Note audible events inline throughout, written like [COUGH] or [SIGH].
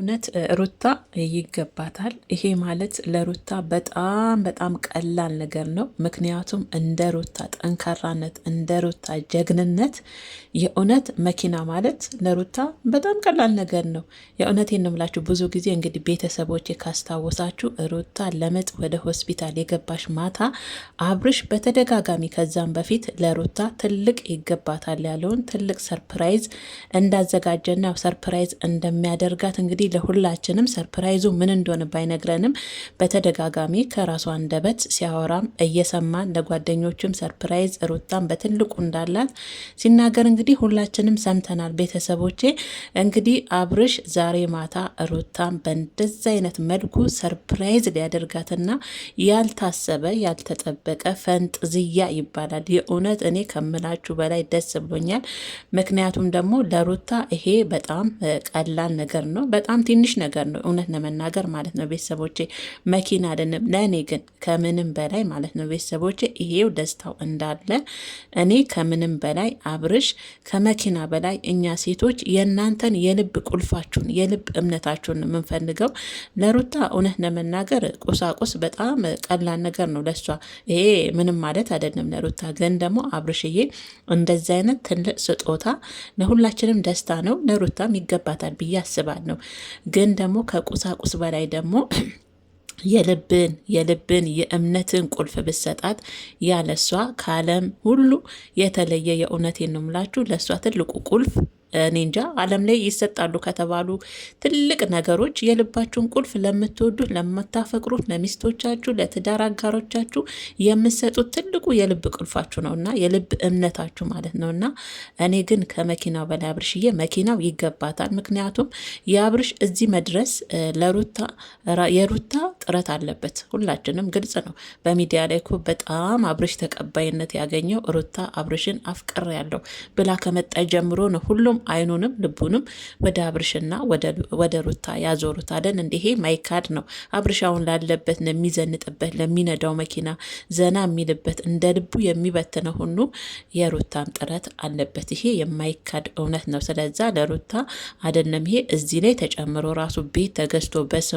እውነት ሩታ ይገባታል። ይሄ ማለት ለሩታ በጣም በጣም ቀላል ነገር ነው። ምክንያቱም እንደ ሩታ ጠንካራነት፣ እንደ ሩታ ጀግንነት የእውነት መኪና ማለት ለሩታ በጣም ቀላል ነገር ነው። የእውነት የንምላችሁ ብዙ ጊዜ እንግዲህ ቤተሰቦች ካስታወሳችሁ ሩታ ለምጥ ወደ ሆስፒታል የገባሽ ማታ አብርሽ በተደጋጋሚ ከዛም በፊት ለሩታ ትልቅ ይገባታል ያለውን ትልቅ ሰርፕራይዝ እንዳዘጋጀና ሰርፕራይዝ እንደሚያደርጋት እንግዲህ ለሁላችንም ሰርፕራይዙ ምን እንደሆነ ባይነግረንም በተደጋጋሚ ከራሷ አንደበት ሲያወራም እየሰማን ለጓደኞቹም ሰርፕራይዝ ሩታም በትልቁ እንዳላት ሲናገር እንግዲህ ሁላችንም ሰምተናል። ቤተሰቦቼ እንግዲህ አብርሽ ዛሬ ማታ ሩታም በእንደዚ አይነት መልኩ ሰርፕራይዝ ሊያደርጋትና ያልታሰበ ያልተጠበቀ ፈንጥዝያ ይባላል። የእውነት እኔ ከምላችሁ በላይ ደስ ብሎኛል። ምክንያቱም ደግሞ ለሩታ ይሄ በጣም ቀላል ነገር ነው። በጣም በጣም ትንሽ ነገር ነው፣ እውነት ለመናገር ማለት ነው ቤተሰቦቼ። መኪና አይደለም ለእኔ ግን ከምንም በላይ ማለት ነው ቤተሰቦቼ፣ ይሄው ደስታው እንዳለ እኔ ከምንም በላይ አብርሽ ከመኪና በላይ እኛ ሴቶች የእናንተን የልብ ቁልፋችሁን የልብ እምነታችሁን የምንፈልገው ለሩታ እውነት ለመናገር ቁሳቁስ በጣም ቀላል ነገር ነው ለሷ። ይሄ ምንም ማለት አይደለም ለሩታ። ግን ደግሞ አብርሽዬ እንደዚህ አይነት ትልቅ ስጦታ ለሁላችንም ደስታ ነው፣ ለሩታም ይገባታል ብዬ አስባለሁ። ግን ደግሞ ከቁሳቁስ በላይ ደግሞ [CLEARS THROAT] የልብን የልብን የእምነትን ቁልፍ ብሰጣት ያለሷ ከዓለም ሁሉ የተለየ የእውነት ነው ምላችሁ ለእሷ ትልቁ ቁልፍ እኔ እንጃ ዓለም ላይ ይሰጣሉ ከተባሉ ትልቅ ነገሮች የልባችሁን ቁልፍ ለምትወዱት፣ ለምታፈቅሩት፣ ለሚስቶቻችሁ፣ ለትዳር አጋሮቻችሁ የምሰጡት ትልቁ የልብ ቁልፋችሁ ነው እና የልብ እምነታችሁ ማለት ነው እና እኔ ግን ከመኪናው በላይ አብርሽዬ መኪናው ይገባታል። ምክንያቱም የአብርሽ እዚህ መድረስ ለሩታ የሩታ ጥረት አለበት። ሁላችንም ግልጽ ነው። በሚዲያ ላይ እኮ በጣም አብርሽ ተቀባይነት ያገኘው ሩታ አብርሽን ያለው ብላ ከመጣ ጀምሮ ነው ሁሉም ምክንያቱም አይኑንም ልቡንም ወደ አብርሽና ወደ ሩታ ያዞሩት አደን እንዲሄ ማይካድ ነው። አብርሻውን ላለበት ለሚዘንጥበት፣ ለሚነዳው መኪና ዘና የሚልበት እንደ ልቡ የሚበትነው ሁሉ የሩታም ጥረት አለበት። ይሄ የማይካድ እውነት ነው። ስለዛ ለሩታ አደለም ይሄ እዚህ ላይ ተጨምሮ ራሱ ቤት ተገዝቶ በስሟ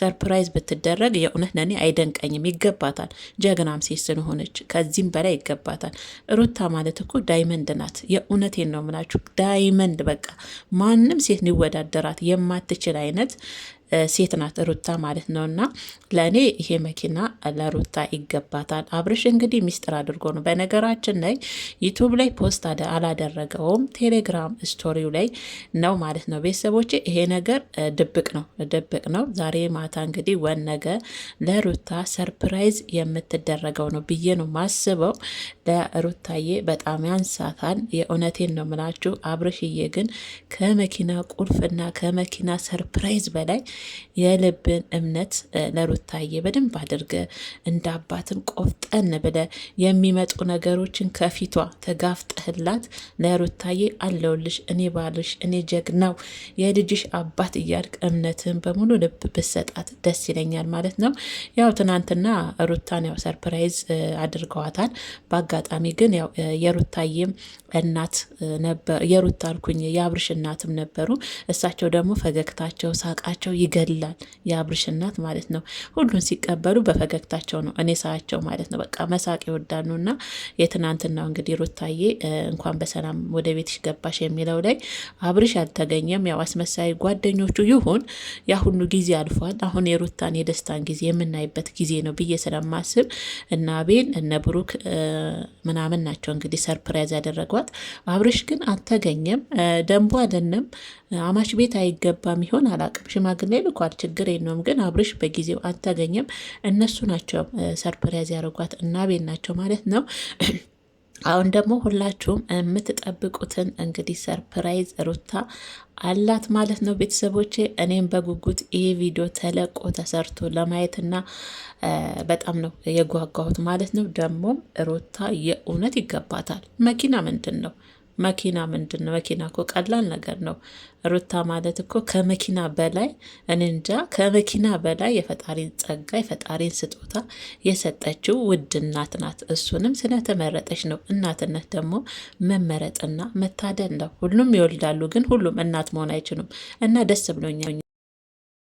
ሰርፕራይዝ ብትደረግ የእውነት ለእኔ አይደንቀኝም። ይገባታል። ጀግናም ሴት ስለሆነች ከዚህም በላይ ይገባታል። ሩታ ማለት እኮ ዳይመንድ ናት። የእውነቴን ነው የምላችሁ ዳይመንድ ዘመንድ በቃ ማንም ሴት ሊወዳደራት የማትችል አይነት ሴት ናት ሩታ ማለት ነው። እና ለእኔ ይሄ መኪና ለሩታ ይገባታል። አብርሽ እንግዲህ ሚስጥር አድርጎ ነው በነገራችን ላይ ዩቱብ ላይ ፖስት አላደረገውም ቴሌግራም ስቶሪው ላይ ነው ማለት ነው። ቤተሰቦች ይሄ ነገር ድብቅ ነው ድብቅ ነው። ዛሬ ማታ እንግዲህ ወነገ ለሩታ ሰርፕራይዝ የምትደረገው ነው ብዬ ነው ማስበው። ለሩታዬ በጣም ያንሳታል። የእውነቴን ነው ምላችሁ። አብርሽዬ ግን ከመኪና ቁልፍና ከመኪና ሰርፕራይዝ በላይ የልብን እምነት ለሩታዬ በደንብ አድርገ እንደ አባትን ቆፍጠን ብለ የሚመጡ ነገሮችን ከፊቷ ተጋፍጠህላት ለሩታዬ አለውልሽ፣ እኔ ባልሽ፣ እኔ ጀግናው የልጅሽ አባት እያልክ እምነትን በሙሉ ልብ ብሰጣት ደስ ይለኛል ማለት ነው። ያው ትናንትና ሩታን ያው ሰርፕራይዝ አድርገዋታል። በአጋጣሚ ግን ያው የሩታዬም እናት ነበር የሩታ አልኩኝ የአብርሽ እናትም ነበሩ። እሳቸው ደግሞ ፈገግታቸው፣ ሳቃቸው ይ ይገድላል። የአብርሽ እናት ማለት ነው። ሁሉን ሲቀበሉ በፈገግታቸው ነው እኔ ሳያቸው ማለት ነው። በቃ መሳቅ ይወዳሉ። እና የትናንትናው እንግዲህ ሩታዬ እንኳን በሰላም ወደ ቤትሽ ገባሽ የሚለው ላይ አብርሽ አልተገኘም። ያው አስመሳይ ጓደኞቹ ይሁን ያ ሁሉ ጊዜ አልፏል። አሁን የሩታን የደስታን ጊዜ የምናይበት ጊዜ ነው ብዬ ስለማስብ እና ቤን እነ ብሩክ ምናምን ናቸው እንግዲህ ሰርፕራይዝ ያደረጓት። አብርሽ ግን አልተገኘም። ደንቡ አይደለም አማች ቤት አይገባም ይሆን አላቅም ሽማግሌ ላይ ልኳል። ችግር የለውም ግን አብርሽ በጊዜው አልተገኘም። እነሱ ናቸው ሰርፕራይዝ ያደረጓት እና ቤት ናቸው ማለት ነው። አሁን ደግሞ ሁላችሁም የምትጠብቁትን እንግዲህ ሰርፕራይዝ ሩታ አላት ማለት ነው። ቤተሰቦቼ እኔም በጉጉት ይህ ቪዲዮ ተለቆ ተሰርቶ ለማየትና በጣም ነው የጓጓሁት ማለት ነው። ደግሞም ሩታ የእውነት ይገባታል። መኪና ምንድን ነው መኪና ምንድን ነው? መኪና እኮ ቀላል ነገር ነው። ሩታ ማለት እኮ ከመኪና በላይ እኔ እንጃ፣ ከመኪና በላይ የፈጣሪን ጸጋ የፈጣሪን ስጦታ የሰጠችው ውድ እናት ናት። እሱንም ስለተመረጠች ነው። እናትነት ደግሞ መመረጥና መታደል ነው። ሁሉም ይወልዳሉ፣ ግን ሁሉም እናት መሆን አይችሉም። እና ደስ ብሎኛል።